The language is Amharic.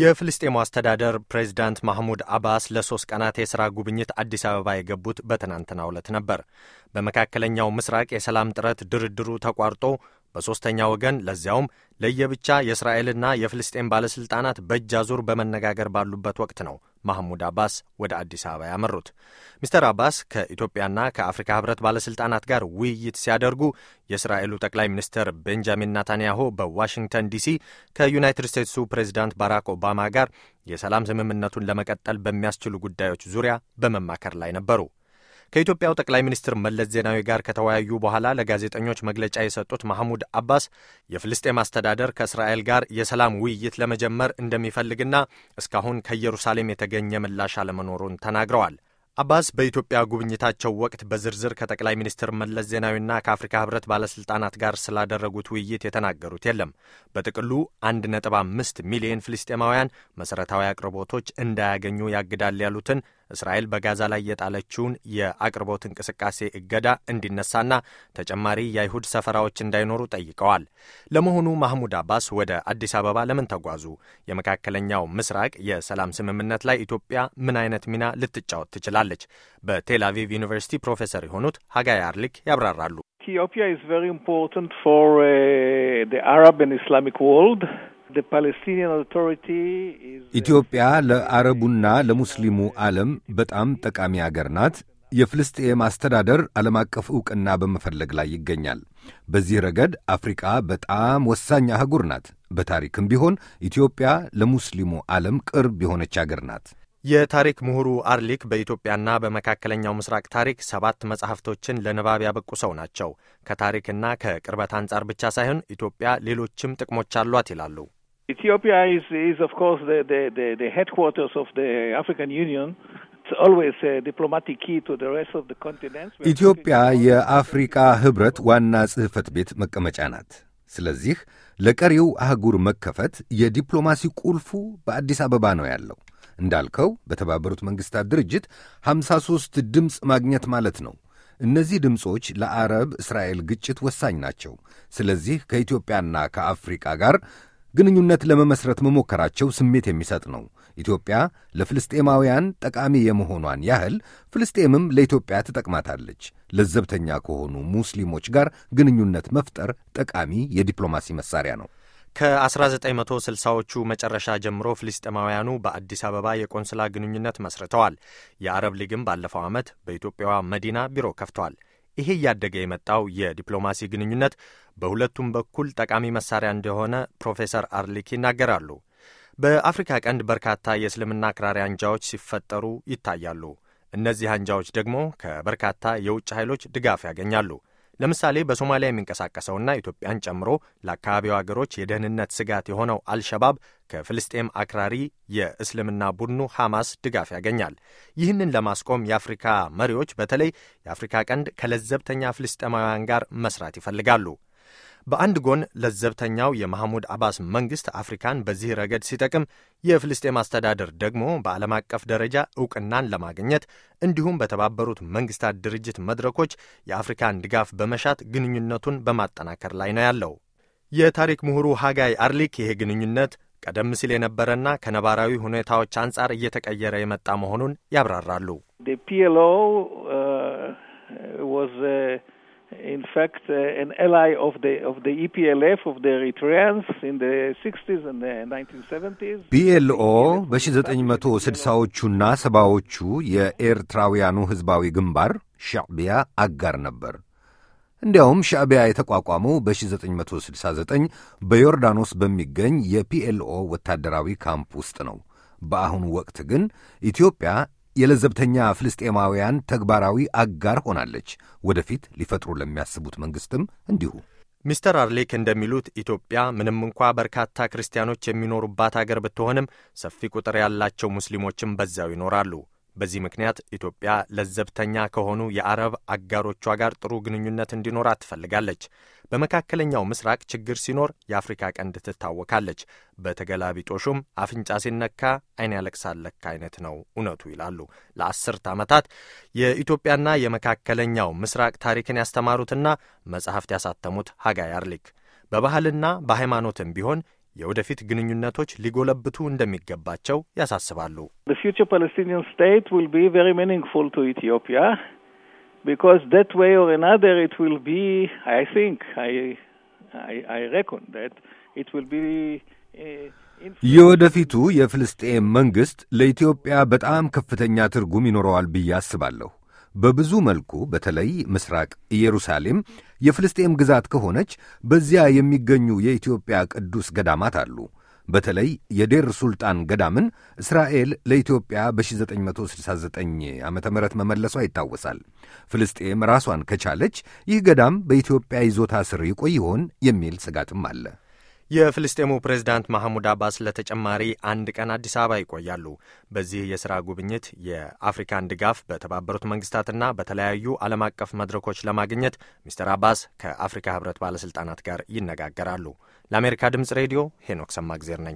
የፍልስጤሙ አስተዳደር ፕሬዚዳንት ማህሙድ አባስ ለሶስት ቀናት የሥራ ጉብኝት አዲስ አበባ የገቡት በትናንትናው ዕለት ነበር። በመካከለኛው ምስራቅ የሰላም ጥረት ድርድሩ ተቋርጦ በሦስተኛ ወገን ለዚያውም ለየብቻ የእስራኤልና የፍልስጤም ባለሥልጣናት በእጅ አዙር በመነጋገር ባሉበት ወቅት ነው ማህሙድ አባስ ወደ አዲስ አበባ ያመሩት። ሚስተር አባስ ከኢትዮጵያና ከአፍሪካ ህብረት ባለሥልጣናት ጋር ውይይት ሲያደርጉ የእስራኤሉ ጠቅላይ ሚኒስትር ቤንጃሚን ናታንያሁ በዋሽንግተን ዲሲ ከዩናይትድ ስቴትሱ ፕሬዚዳንት ባራክ ኦባማ ጋር የሰላም ስምምነቱን ለመቀጠል በሚያስችሉ ጉዳዮች ዙሪያ በመማከር ላይ ነበሩ። ከኢትዮጵያው ጠቅላይ ሚኒስትር መለስ ዜናዊ ጋር ከተወያዩ በኋላ ለጋዜጠኞች መግለጫ የሰጡት ማህሙድ አባስ የፍልስጤም አስተዳደር ከእስራኤል ጋር የሰላም ውይይት ለመጀመር እንደሚፈልግና እስካሁን ከኢየሩሳሌም የተገኘ ምላሽ አለመኖሩን ተናግረዋል። አባስ በኢትዮጵያ ጉብኝታቸው ወቅት በዝርዝር ከጠቅላይ ሚኒስትር መለስ ዜናዊና ከአፍሪካ ህብረት ባለስልጣናት ጋር ስላደረጉት ውይይት የተናገሩት የለም። በጥቅሉ 1.5 ሚሊዮን ፍልስጤማውያን መሠረታዊ አቅርቦቶች እንዳያገኙ ያግዳል ያሉትን እስራኤል በጋዛ ላይ የጣለችውን የአቅርቦት እንቅስቃሴ እገዳ እንዲነሳና ተጨማሪ የአይሁድ ሰፈራዎች እንዳይኖሩ ጠይቀዋል። ለመሆኑ ማህሙድ አባስ ወደ አዲስ አበባ ለምን ተጓዙ? የመካከለኛው ምስራቅ የሰላም ስምምነት ላይ ኢትዮጵያ ምን አይነት ሚና ልትጫወት ትችላለች? በቴል አቪቭ ዩኒቨርሲቲ ፕሮፌሰር የሆኑት ሀጋይ አርሊክ ያብራራሉ። ኢትዮጵያ ኢዝ ቨሪ ኢምፖርታንት ፎር ዘ አረብ ኤንድ ኢስላሚክ ወርልድ ኢትዮጵያ ለአረቡና ለሙስሊሙ ዓለም በጣም ጠቃሚ አገር ናት። የፍልስጤም አስተዳደር ዓለም አቀፍ ዕውቅና በመፈለግ ላይ ይገኛል። በዚህ ረገድ አፍሪቃ በጣም ወሳኝ አህጉር ናት። በታሪክም ቢሆን ኢትዮጵያ ለሙስሊሙ ዓለም ቅርብ የሆነች አገር ናት። የታሪክ ምሁሩ አርሊክ በኢትዮጵያና በመካከለኛው ምስራቅ ታሪክ ሰባት መጽሐፍቶችን ለንባብ ያበቁ ሰው ናቸው። ከታሪክና ከቅርበት አንጻር ብቻ ሳይሆን ኢትዮጵያ ሌሎችም ጥቅሞች አሏት ይላሉ። Ethiopia is, is of course, the, the, the, the headquarters of the African Union. ኢትዮጵያ የአፍሪቃ ህብረት ዋና ጽሕፈት ቤት መቀመጫ ናት። ስለዚህ ለቀሪው አህጉር መከፈት የዲፕሎማሲ ቁልፉ በአዲስ አበባ ነው ያለው። እንዳልከው በተባበሩት መንግሥታት ድርጅት 53 ድምፅ ማግኘት ማለት ነው። እነዚህ ድምፆች ለአረብ እስራኤል ግጭት ወሳኝ ናቸው። ስለዚህ ከኢትዮጵያና ከአፍሪቃ ጋር ግንኙነት ለመመስረት መሞከራቸው ስሜት የሚሰጥ ነው። ኢትዮጵያ ለፍልስጤማውያን ጠቃሚ የመሆኗን ያህል ፍልስጤምም ለኢትዮጵያ ትጠቅማታለች። ለዘብተኛ ከሆኑ ሙስሊሞች ጋር ግንኙነት መፍጠር ጠቃሚ የዲፕሎማሲ መሳሪያ ነው። ከ1960ዎቹ መጨረሻ ጀምሮ ፍልስጤማውያኑ በአዲስ አበባ የቆንስላ ግንኙነት መስርተዋል። የአረብ ሊግም ባለፈው ዓመት በኢትዮጵያዋ መዲና ቢሮ ከፍቷል። ይሄ እያደገ የመጣው የዲፕሎማሲ ግንኙነት በሁለቱም በኩል ጠቃሚ መሳሪያ እንደሆነ ፕሮፌሰር አርሊክ ይናገራሉ። በአፍሪካ ቀንድ በርካታ የእስልምና አክራሪ አንጃዎች ሲፈጠሩ ይታያሉ። እነዚህ አንጃዎች ደግሞ ከበርካታ የውጭ ኃይሎች ድጋፍ ያገኛሉ። ለምሳሌ በሶማሊያ የሚንቀሳቀሰውና ኢትዮጵያን ጨምሮ ለአካባቢው አገሮች የደህንነት ስጋት የሆነው አልሸባብ ከፍልስጤም አክራሪ የእስልምና ቡድኑ ሐማስ ድጋፍ ያገኛል። ይህንን ለማስቆም የአፍሪካ መሪዎች በተለይ የአፍሪካ ቀንድ ከለዘብተኛ ፍልስጤማውያን ጋር መስራት ይፈልጋሉ። በአንድ ጎን ለዘብተኛው የማህሙድ አባስ መንግሥት አፍሪካን በዚህ ረገድ ሲጠቅም፣ የፍልስጤም አስተዳደር ደግሞ በዓለም አቀፍ ደረጃ ዕውቅናን ለማግኘት እንዲሁም በተባበሩት መንግሥታት ድርጅት መድረኮች የአፍሪካን ድጋፍ በመሻት ግንኙነቱን በማጠናከር ላይ ነው ያለው። የታሪክ ምሁሩ ሃጋይ አርሊክ ይሄ ግንኙነት ቀደም ሲል የነበረና ከነባራዊ ሁኔታዎች አንጻር እየተቀየረ የመጣ መሆኑን ያብራራሉ። in fact, uh, an ally of the of the EPLF of the Eritreans in the 60s and the 1970s ፒኤልኦ በ1960ዎቹና ሰባዎቹ የኤርትራውያኑ ህዝባዊ ግንባር ሻዕቢያ አጋር ነበር። እንዲያውም ሻዕቢያ የተቋቋመው በ1969 በዮርዳኖስ በሚገኝ የፒኤልኦ ወታደራዊ ካምፕ ውስጥ ነው። በአሁኑ ወቅት ግን ኢትዮጵያ የለዘብተኛ ፍልስጤማውያን ተግባራዊ አጋር ሆናለች። ወደፊት ሊፈጥሩ ለሚያስቡት መንግስትም እንዲሁ። ሚስተር አርሌክ እንደሚሉት ኢትዮጵያ ምንም እንኳ በርካታ ክርስቲያኖች የሚኖሩባት አገር ብትሆንም ሰፊ ቁጥር ያላቸው ሙስሊሞችም በዚያው ይኖራሉ። በዚህ ምክንያት ኢትዮጵያ ለዘብተኛ ከሆኑ የአረብ አጋሮቿ ጋር ጥሩ ግንኙነት እንዲኖራት ትፈልጋለች። በመካከለኛው ምስራቅ ችግር ሲኖር የአፍሪካ ቀንድ ትታወካለች። በተገላቢጦሹም አፍንጫ ሲነካ ዓይን ያለቅሳል ለካ አይነት ነው እውነቱ ይላሉ ለአስርት ዓመታት የኢትዮጵያና የመካከለኛው ምስራቅ ታሪክን ያስተማሩትና መጽሕፍት ያሳተሙት ሀጋይ አርሊክ። በባህልና በሃይማኖትም ቢሆን የወደፊት ግንኙነቶች ሊጎለብቱ እንደሚገባቸው ያሳስባሉ። eh, የወደፊቱ የፍልስጤም መንግሥት ለኢትዮጵያ በጣም ከፍተኛ ትርጉም ይኖረዋል ብዬ አስባለሁ። በብዙ መልኩ በተለይ ምስራቅ ኢየሩሳሌም የፍልስጤም ግዛት ከሆነች በዚያ የሚገኙ የኢትዮጵያ ቅዱስ ገዳማት አሉ። በተለይ የዴር ሱልጣን ገዳምን እስራኤል ለኢትዮጵያ በ1969 ዓ ም መመለሷ ይታወሳል። ፍልስጤም ራሷን ከቻለች ይህ ገዳም በኢትዮጵያ ይዞታ ስር ይቆይ ይሆን የሚል ስጋትም አለ። የፍልስጤሙ ፕሬዝዳንት ማሐሙድ አባስ ለተጨማሪ አንድ ቀን አዲስ አበባ ይቆያሉ። በዚህ የሥራ ጉብኝት የአፍሪካን ድጋፍ በተባበሩት መንግስታትና በተለያዩ ዓለም አቀፍ መድረኮች ለማግኘት ሚስተር አባስ ከአፍሪካ ህብረት ባለሥልጣናት ጋር ይነጋገራሉ። ለአሜሪካ ድምፅ ሬዲዮ ሄኖክ ሰማግዜር ነኝ።